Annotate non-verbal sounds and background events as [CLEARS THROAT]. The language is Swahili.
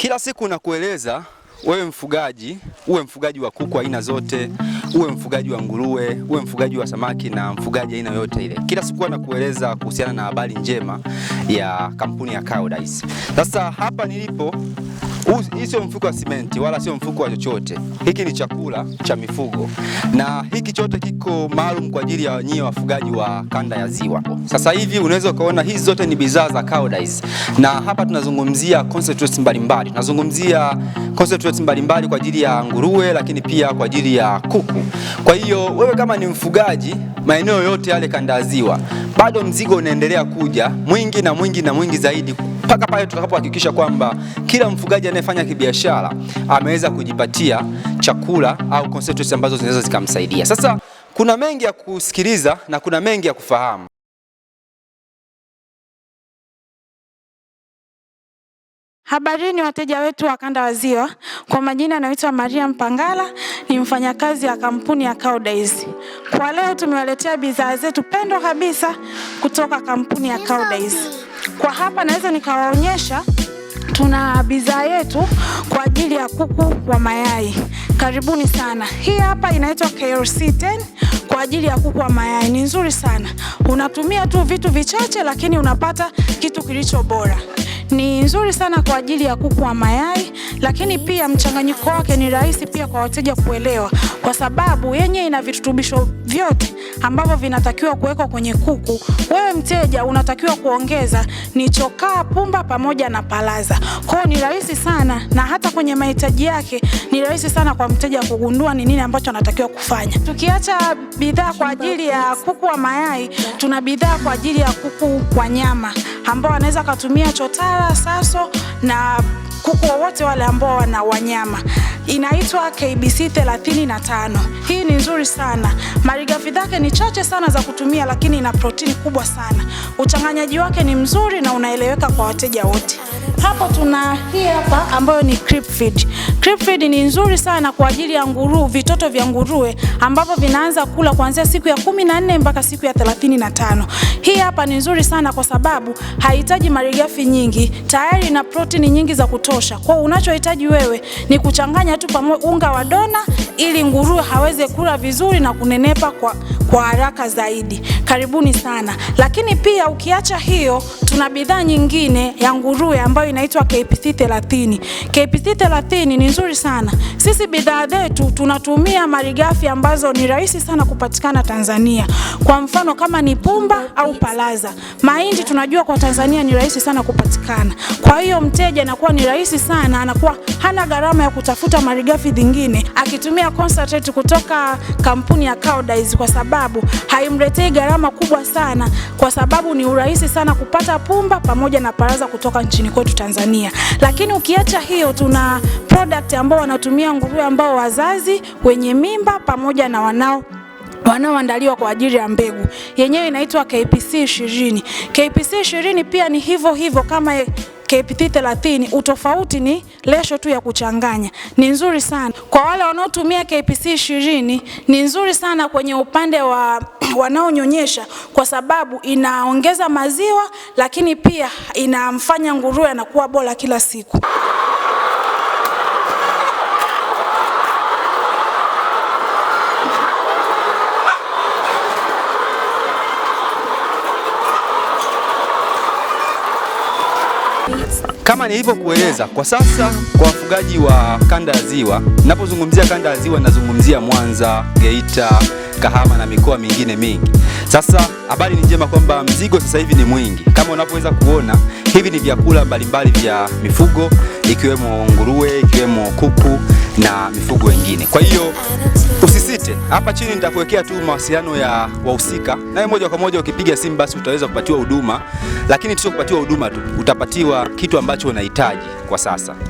Kila siku nakueleza wewe mfugaji, uwe mfugaji wa kuku aina zote, uwe mfugaji wa nguruwe, uwe mfugaji wa samaki na mfugaji aina yote ile, kila siku nakueleza kuhusiana na habari njema ya kampuni ya Koudijs. Sasa hapa nilipo hii sio mfuko wa simenti wala sio mfuko wa chochote. Hiki ni chakula cha mifugo, na hiki chote kiko maalum kwa ajili ya nyie wafugaji wa kanda ya Ziwa. Sasa hivi unaweza ukaona hizi zote ni bidhaa za Koudijs, na hapa tunazungumzia concentrates mbalimbali, tunazungumzia concentrates mbalimbali kwa ajili ya nguruwe, lakini pia kwa ajili ya kuku. Kwa hiyo wewe kama ni mfugaji maeneo yote yale kanda ya Ziwa, bado mzigo unaendelea kuja mwingi na mwingi na mwingi zaidi mpaka pale tutakapohakikisha kwamba kila mfugaji anayefanya kibiashara ameweza kujipatia chakula au concentrates ambazo zinaweza zikamsaidia. Sasa kuna mengi ya kusikiliza na kuna mengi ya kufahamu. Habarini wateja wetu wa kanda wa Ziwa, kwa majina anaitwa Maria Mpangala, ni mfanyakazi wa kampuni ya Cowdays. Kwa leo tumewaletea bidhaa zetu pendwa kabisa kutoka kampuni ya Cowdays. Kwa hapa naweza nikawaonyesha tuna bidhaa yetu kwa ajili ya kuku wa mayai. Karibuni sana. Hii hapa inaitwa KLC 10 kwa ajili ya kuku wa mayai, ni nzuri sana. Unatumia tu vitu vichache, lakini unapata kitu kilicho bora. Ni nzuri sana kwa ajili ya kuku wa mayai lakini pia mchanganyiko wake ni rahisi pia kwa wateja kuelewa, kwa sababu yenye ina virutubisho vyote ambavyo vinatakiwa kuwekwa kwenye kuku. Wewe mteja unatakiwa kuongeza ni chokaa, pumba pamoja na palaza. Kwao ni rahisi sana, na hata kwenye mahitaji yake ni rahisi sana kwa mteja kugundua ni nini ambacho anatakiwa kufanya. Tukiacha bidhaa kwa ajili ya kuku wa mayai, tuna bidhaa kwa ajili ya kuku kwa nyama ambao anaweza akatumia chotara, saso na kuku wowote wale wale ambao wana wanyama inaitwa KBC 35. Hii ni nzuri sana, malighafi zake ni chache sana za kutumia, lakini ina protini kubwa sana. Uchanganyaji wake ni mzuri na unaeleweka kwa wateja wote. Hapo tuna hii hapa ambayo ni creep feed. Creep feed ni nzuri sana kwa ajili ya nguruwe, vitoto vya nguruwe ambavyo vinaanza kula kuanzia siku ya 14 mpaka siku ya 35. Hii hapa ni nzuri sana kwa sababu haihitaji malighafi nyingi, tayari ina protini nyingi za kutosha. Kwa unachohitaji wewe ni kuchanganya tu pamoja unga wa dona ili nguruwe haweze kula vizuri na kunenepa kwa kwa haraka zaidi. Karibuni sana. Lakini pia ukiacha hiyo, tuna bidhaa nyingine ya nguruwe ambayo inaitwa KPC 30. KPC 30 ni nzuri sana. Sisi bidhaa zetu tunatumia malighafi ambazo ni rahisi sana kupatikana Tanzania. Kwa mfano kama ni pumba au palaza. Mahindi tunajua kwa Tanzania ni rahisi sana kupatikana. Kwa hiyo mteja anakuwa ni rahisi sana, anakuwa hana gharama ya kutafuta malighafi zingine akitumia concentrate kutoka kampuni ya Koudijs kwa sababu sababu haimletei gharama kubwa sana, kwa sababu ni urahisi sana kupata pumba pamoja na paraza kutoka nchini kwetu Tanzania. Lakini ukiacha hiyo, tuna product ambao wanatumia nguruwe ambao wazazi wenye mimba pamoja na wanao wanaoandaliwa kwa ajili ya mbegu yenyewe inaitwa KPC 20. KPC 20 pia ni hivyo hivyo kama KPT 30 utofauti ni lesho tu ya kuchanganya. Ni nzuri sana kwa wale wanaotumia KPC 20, ni nzuri sana kwenye upande wa [CLEARS THROAT] wanaonyonyesha kwa sababu inaongeza maziwa, lakini pia inamfanya nguruwe anakuwa bora kila siku. Kama nilivyokueleza, kwa sasa kwa wafugaji wa kanda ya Ziwa, ninapozungumzia kanda ya Ziwa nazungumzia Mwanza, Geita, Kahama na mikoa mingine mingi. Sasa habari ni njema kwamba mzigo sasa hivi ni mwingi. Kama unavyoweza kuona, hivi ni vyakula mbalimbali vya mifugo ikiwemo nguruwe, ikiwemo kuku na mifugo wengine. Kwa hiyo usisite, hapa chini nitakuwekea tu mawasiliano ya wahusika, naye moja kwa moja ukipiga simu basi utaweza kupatiwa huduma, lakini sio kupatiwa huduma tu, utapatiwa kitu ambacho unahitaji kwa sasa.